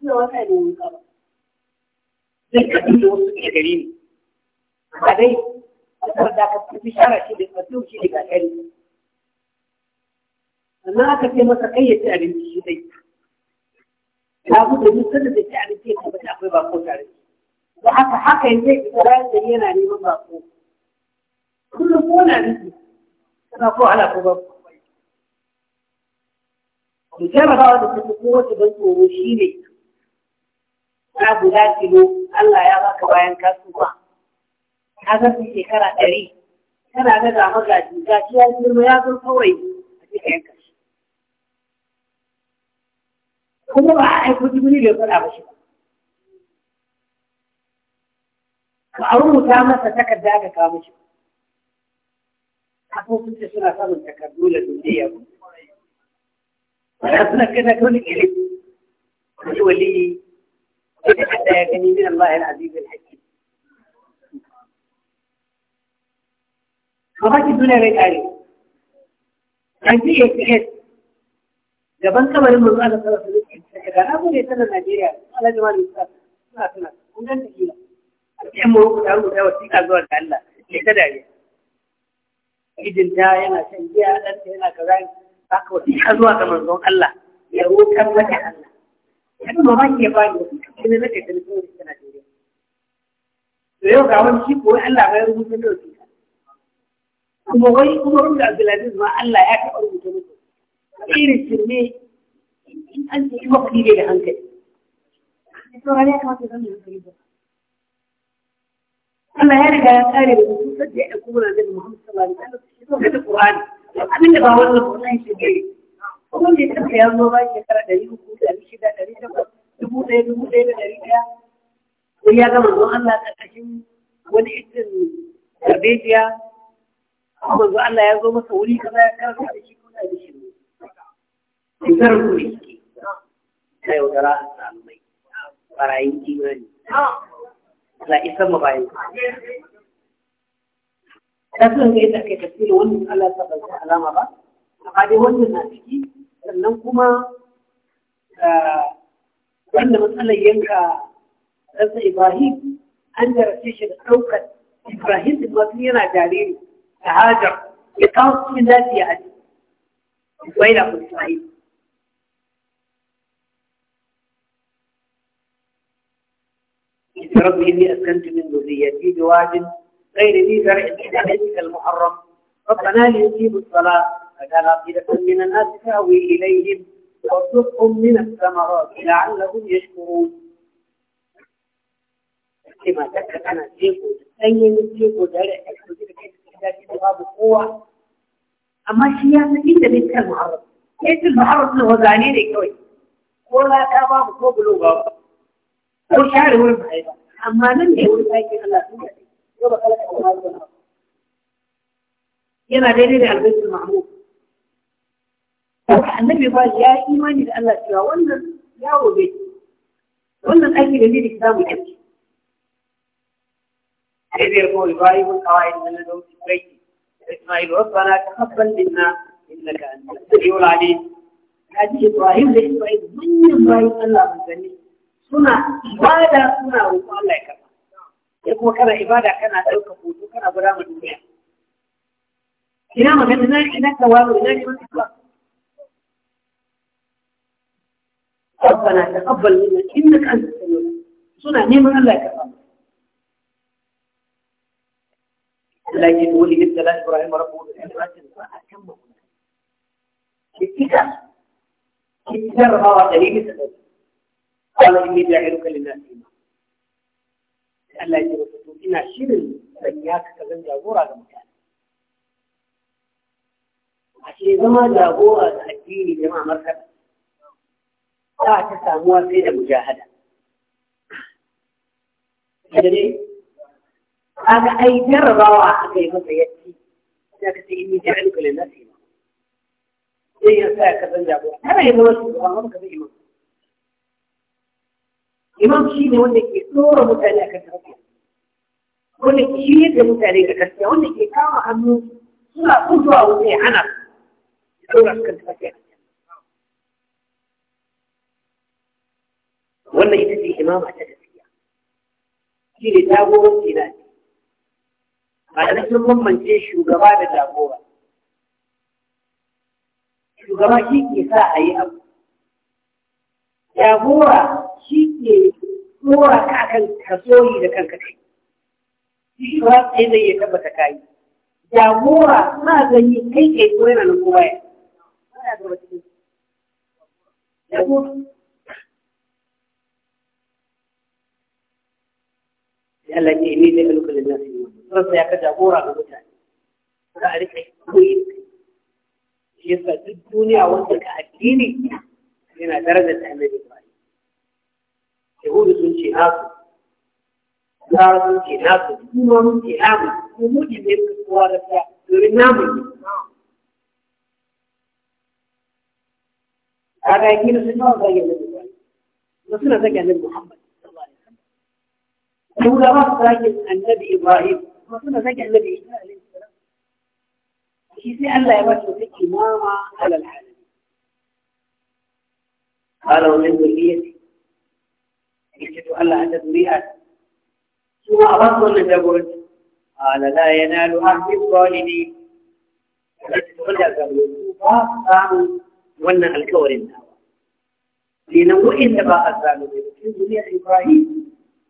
suna wata da wuka ba zai kaɗi da wasu ke gari ne a dai kasar da aka fi bishara shi da fasu shi da kakari sannan aka ce masa kai ya ci abinci shi dai ya gudu duk sanda da ci abinci ya tabbata akwai bako tare da haka haka yanzu ya fita bayan da yana neman bako kullum ko na nufi kana ko ala ko bako to jarrabawa da kuma kowace ban tsoro shi ne ta guda tilo Allah ya baka bayan kasuwa ka ga su shekara ɗari kana ga ga magaji ga shi ya girma ya zo kawai a cikin yanka shi kuma ba a aiko jibiri wani faɗa a bashi ba ba a rubuta masa takarda ga kawo shi kafofin da suna samun takardu da duniya ba suna kada kawai ne ne waliyi حتى يكني من الله العزيز الحكيم mamaki duniya bai kare an ce yes gaban kamarin mu zuwa da sallar da zuke daga gana mu ne sallar Najeriya Allah jama'a ne suna suna kun gan ta kila sai mu rubuta rubuta wasiƙa zuwa ga Allah ne ta dare idinta yana shan giya dan ta yana kaza haka wasiƙa zuwa ga manzon Allah ya roƙar mata Allah kada mamaki ya bani ne na kai da mutum da Najeriya to yau ga wani shi ko Allah ya rubuta da wasiƙa kuma wai kuma rubuta Abdulaziz ma Allah ya taɓa rubuta musu irin shirme in an ce ima kuɗi ne da hankali saurari ya kamata zama hankali ba Allah ya riga ya kare da mutum sadda ya ɗauko mana da Muhammad sallallahu alaihi wasallam shi ko da Qur'ani abin da ba wannan ba wannan shi ne kuma ne tafiya ya zo ba shekara 300 da 600 da 700 dubu ɗaya dubu ɗaya da ɗari ɗaya ko ya ga manzon Allah ƙarƙashin wani irin garbejiya ko manzon Allah ya zo masa wuri kaza ya karanta da shi ko da shi ne cutar ku ne suke ta yaudara a tsalmai barayin imani za isa ma bayan ta sun ga yadda kai tafsiri wannan Allah ta bai alama ba amma dai wannan na ciki sannan kuma eh, وأن مسألة ينكا رضا إبراهيم أن رسيش الأوقة إبراهيم المطلين جاريه تهاجر يتوصي ناسي عدي وإلى إسرائيل ربي إني أسكنت من ذريتي بواد غير ذي زرع بيتك المحرم ربنا ليجيب الصلاة فقال أعطي من الناس فأوي إليهم وارزقهم من الثمرات لعلهم يشكرون كما ذكر أنا جيبو أي جيبو دارع تكتب بقوة أما السياسة إنت بنت المعرض إنت المعرض له زعنيني كوي ولا تابع بقوة بلوغة وشعر ورم أيضا أما لم يقول لك الله سبحانه يبقى لك أمار ينا دليل على البيت المعمول Haka annabi ba ya yi imani da Allah cewa wannan yawo bai wannan aiki da zai samu yanki. Sai zai rubo ibrahim kawai da na don tsirai da Ismail rabbana ka na, inda innaka antas samiul alim. Ya ce Ibrahim da Ismail manyan bayan Allah manzanni suna ibada suna roƙon Allah ya karɓa. Ya kuma kana ibada kana ɗauka hoto kana gura ma duniya. Ina magana ina kawo ina neman kasuwa. ربنا تقبل منا إنك أنت السميع سنة نعمة الله يكفر لكن ولي له إبراهيم ربه بالحكمة فأتمه اتكاء اتكاء هو دليل سبب قال إني جاعلك للناس إمام Allah ya rubutu ina shirin sanya ka ka zan jagora ga mutane. Ashe zama jagora da addini jama'a markata. ساعه ساموها في المجاهده هذا اي جر روى عقيم بيتي لكن اني جعلك للناس امام اي ساعه هذا يقول إمام شيء يقول لك نور متعلقة كثيرة يقول لك شيء متعلقة كثيرة يقول لك كما أنه صلاة قدوة وزي عنف يقول لك كنت فكيرة wannan ita ce imama ta gaskiya shi ne jagoranci na ce ba da sun mamance shugaba da jagora shugaba shi ke sa a yi abu jagora shi ke tsora ka kan kasoyi da kanka kai shi shugaba tsaye zai iya tabbata kayi jagora ma gani kai kai ko yana nan kowa ya jagora التي يريد ألوك للناس يوم رب يكاد أبورا بمتع فأعرف حكويك يبقى في الدنيا وصلك أكيني لما درد التعمل إبراهيم يهود سنشي ناس دار سنشي ناس كما نمشي آمن ومجد يبقى سوارة فيها ورنامي هذا يكين سنوار ضيئ من إبراهيم نصنا ذكا من محمد لولا راس النبي إبراهيم ما كنا النبي إبراهيم عليه السلام أن ألا يمثل في إماما على العالم قال ومن ذريتي عيسى ألا أنت ذريئتي ثم أردت أن تقول قال لا ينال أهل الظالمين wannan alkawarin nawa. Kenan wa'inda ba a zalunci cikin duniyar إبراهيم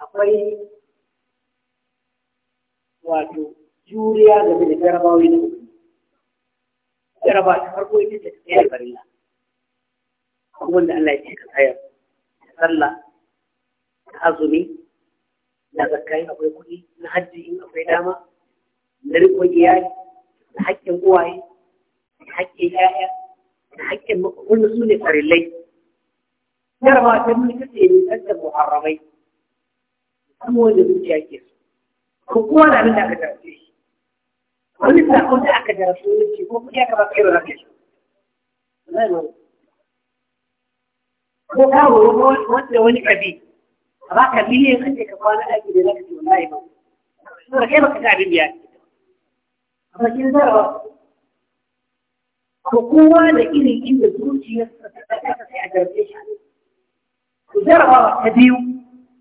akwai wato juriya game da jarabawa da jaraba ta farko ita ta ta tsayar barilla abubuwan da Allah ya ce ka tsayar ta sallah ta azumi na Zakkai akwai kuɗi na hajji in akwai dama Na riƙon iyali da haƙƙin uwaye da haƙƙin 'ya'ya da haƙƙin wanda su ne farillai jarabawa ta mulki ce ne tattar muharramai kuma wanda zuciya ke so ko kuma da abin da aka jarfe shi wani sakon da aka jarfe wani ce ko kuma ya gaba kai rana ke so ko ka horo wanda wani kabi a ba ka miliyan kan ka kwana aiki da zaka ce wallahi ba ka kai baka ga abin biya amma shi zarawa ko kowa da irin inda zuciyarsa ta ɗaga sai a jarfe shi jarabawa ta biyu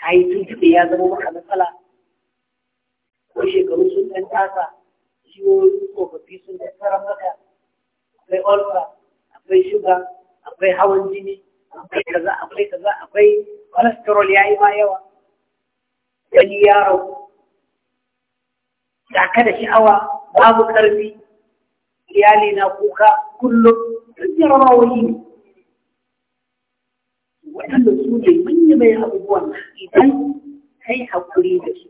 ka yi tuntuɓe ya zama maka matsala ko shekaru sun ɗan tasa ciwoyi tsofaffi sun ɗan tsaron maka akwai olfa akwai shuga akwai hawan jini akwai kaza akwai kaza akwai cholesterol ya yi ma yawa wani yaro da ka da sha'awa babu ƙarfi iyali na kuka kullum duk jarabawoyi ne su ne manya mai abubuwan idan kai haƙuri da su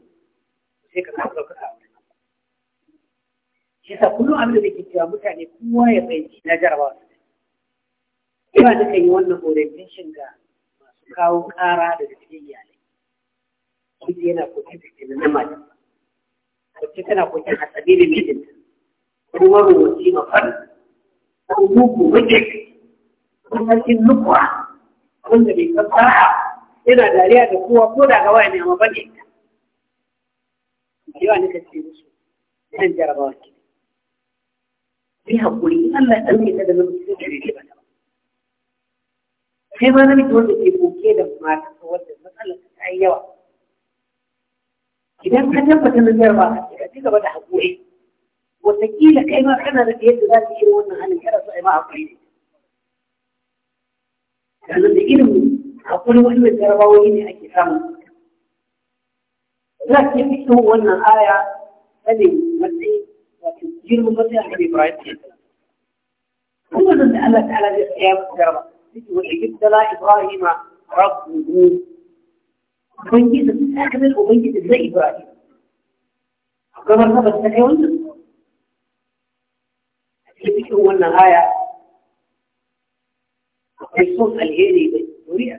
sai ka samu ka a wurin shi sa kullum abin da ke cewa mutane kowa ya fahimci na jarawa su ina da kan yi wannan orientation ga masu kawo ƙara daga cikin iyalai kuji yana koke da ke nuna mata wacce tana koke a da mijinta kuma rubuci mafar ko mugu mijinta kuma cin nukwa wanda bai san sa'a yana dariya da kowa ko da ga wani amma ban ita yawa nika ce musu nan jarabawa ke yi haƙuri Allah ya ɗauke ta da zama cikin gare ne ba kai ma namiji wanda ke koke da mata wanda matsalar ta yi yawa idan ka tabbata na jarabawa ka ci gaba da haƙuri wataƙila kai ma kana da yadda za ka yi wannan halin kara su a yi ma haƙuri ne sannan da ilimi hakuri wannan jarabawoyi ne ake samu za ki fito wannan aya ta ne matsayi wato girman matsayi a kan ibrahim ke kuma da Allah ta'ala zai tsaya masa jaraba yake wa ibtala ibrahim rabbuhu ubangiji ta kamar ubangiji zai ibrahim akwai martabar ta kai wannan a cikin wannan aya الصوت الهيلي بالدوري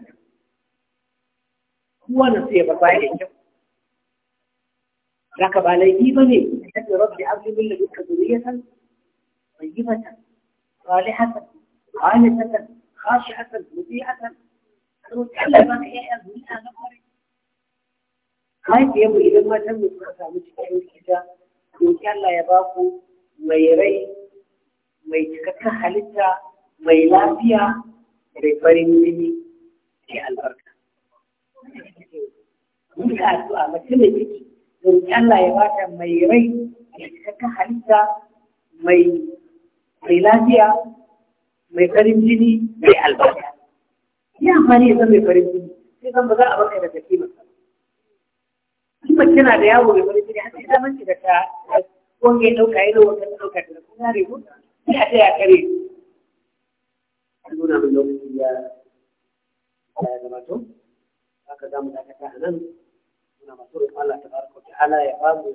هو نسي بطايل ركب على جيبني حتى رب عبد من لك الدورية طيبة صالحة عالمة خاشعة مذيعة تتكلم عن ايه من هذا الامر خايف يا ابو اذا ما تم مثل الحجاب ان كان لا يباكو ويري ويتكتك حالتها ويلافيا da farin jini da albarka. Muka addu'a mutumin ciki don Allah ya bata mai rai da cikakken halitta mai lafiya mai farin jini mai albarka. Ya amfani ya san mai farin jini sai san ba za a baka da tafi ba. Kuma kina da yawo mai farin jini har sai zaman ki da ta wanda ya ɗauka ya ɗauka ta ɗauka ta kuma ya rebu sai a ta ya kare. nuna min lokaci ya ya gabato haka za mu dakata a nan muna masu roƙon Allah ta baraka wa ta'ala ya ba mu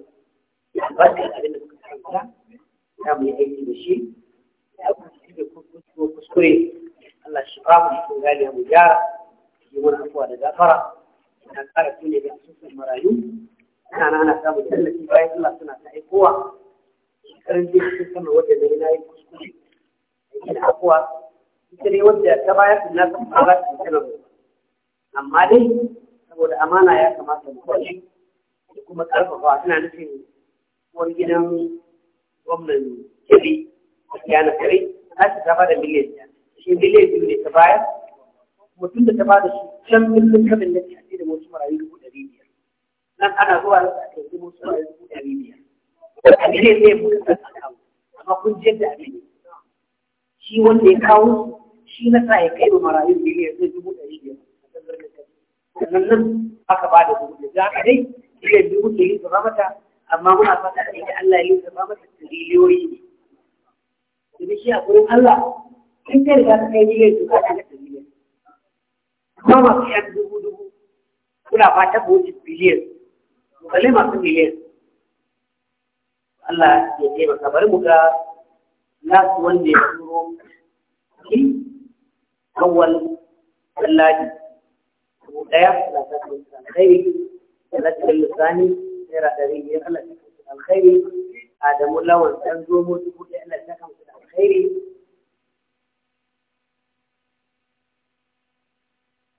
albarkar abin da muka karanta za mu yi aiki da shi ya kuma shi ko kuskure Allah shi ba mu cikin galiya mu gyara yi mana afuwa da gafara ina ƙara tune da asusun marayu ina na ana samun tallafi bayan Allah suna ta aikowa shekarun jiya sun sama wadda na yi kuskure ina afuwa ita dai wadda ta bayar da nasan ba za ta kira amma dai saboda amana ya kamata mu kwashi da kuma karfafa tana nufin wani gidan gwamnan kiri ya na kare ta ta ba da miliyan ɗaya shi miliyan biyu ne ta bayar mutum da ta ba da shi can miliyan kamin na ce da wasu marayu dubu ɗari biyar nan ana zuwa da aka yi wasu marayu dubu ɗari biyar a miliyan ɗaya muka san a kawo amma kun je da abin shi wanda ya kawo shi na sa ya kai wa marayun miliyan zai dubu ɗari biyar sannan nan aka ba da dubu da za ka dai miliyan dubu ɗari ba mata amma muna fata da ita Allah ya yi ba mata tiriliyoyi ne domin shi a gurin Allah in kai riga ta kai miliyan to ka shiga tiriliyan amma masu yan dubu dubu kuna fata ba wuce biliyan balle masu miliyan Allah ya taimaka bari mu ga nasu wanda ya turo أول ثلاجة وقيا الخير ثلاجة اللساني غير أدري الخير آدم الله والتنزوم تقول لأن لكم الخير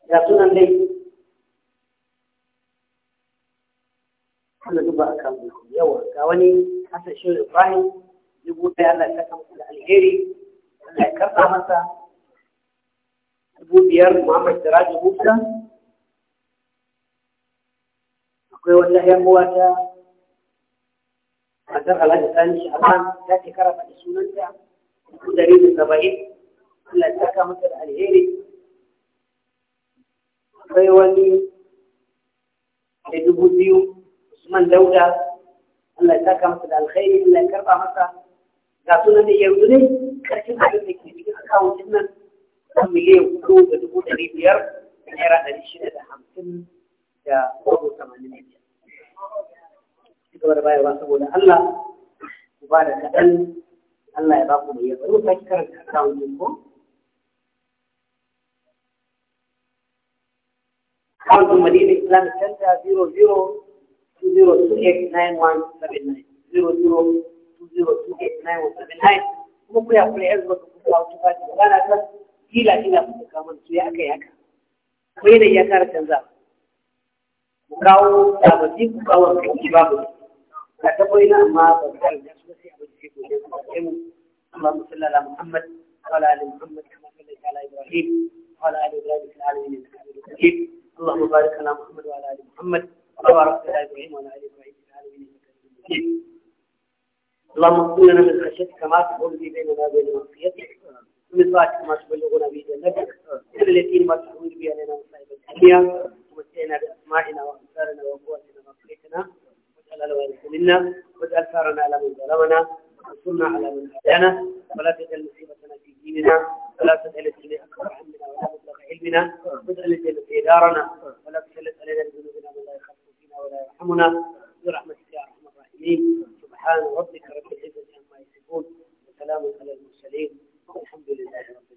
يا سنن لي أنا دبا أكمل يوا كاوني اشخاص شو إبراهيم يقول لأن لكم الخير Allah ya karɓa masa dubu biyar Muhammad Siraju Musa akwai wata ‘yan uwata a kan Alhaji Sani Shaban ta ce kara faɗi sunanta dubu dari da saba'in Allah ta kama mata da alheri akwai wani da dubu biyu Usman Dauda Allah ta kama mata da alheri Allah ya karɓa masa ga sunan da yanzu ne ƙarshen abin da ke cikin akawuncin nan kan miliyan hudu da dubu ɗari biyar da naira ɗari shida da hamsin da kwabo tamanin da biyar. Ci gaba da ba saboda Allah, ku ba da kaɗan Allah ya ba ku mai yawa. Rufa ki karanta akawun ko? Akawun Madina Islamic Center 00 20289179 kuma ku ya kula yanzu ba ku kawo tufafi ba na kan kila ina da kamar su ya aka yaka. haka kuma ya kara canza ku kawo da ba ji ku kawo da kai ba ku ka tabo ina amma ba ku da su sai abin ke gobe ku mu amma musallala muhammad kawala ali muhammad kama kalla ala ibrahim kawala ali ibrahim ala ali ne allah mubarak ala muhammad wa ala muhammad kawala ali kala ibrahim wa ali ibrahim ala ali ne اللهم اغفر لنا من خشيتك ما تقول لي بيننا وبين معصيتك ومزواج كما تبلغون به جنتك الذين ما تحول به علينا مصائب الدنيا ومتعنا بأسماعنا وأبصارنا وقوتنا ما أحييتنا واجعل الوارث منا واجعل ثارنا على من ظلمنا وانصرنا على من عادانا ولا تجعل مصيبتنا في ديننا ولا تجعل الدين أكبر همنا ولا مبلغ علمنا واجعل الجنة في دارنا ولا تسلط علينا بذنوبنا من لا يخاف فينا ولا يرحمنا برحمتك يا أرحم الراحمين سبحان ربك رب العزة عما يصفون وسلام على المرسلين alhamdulillah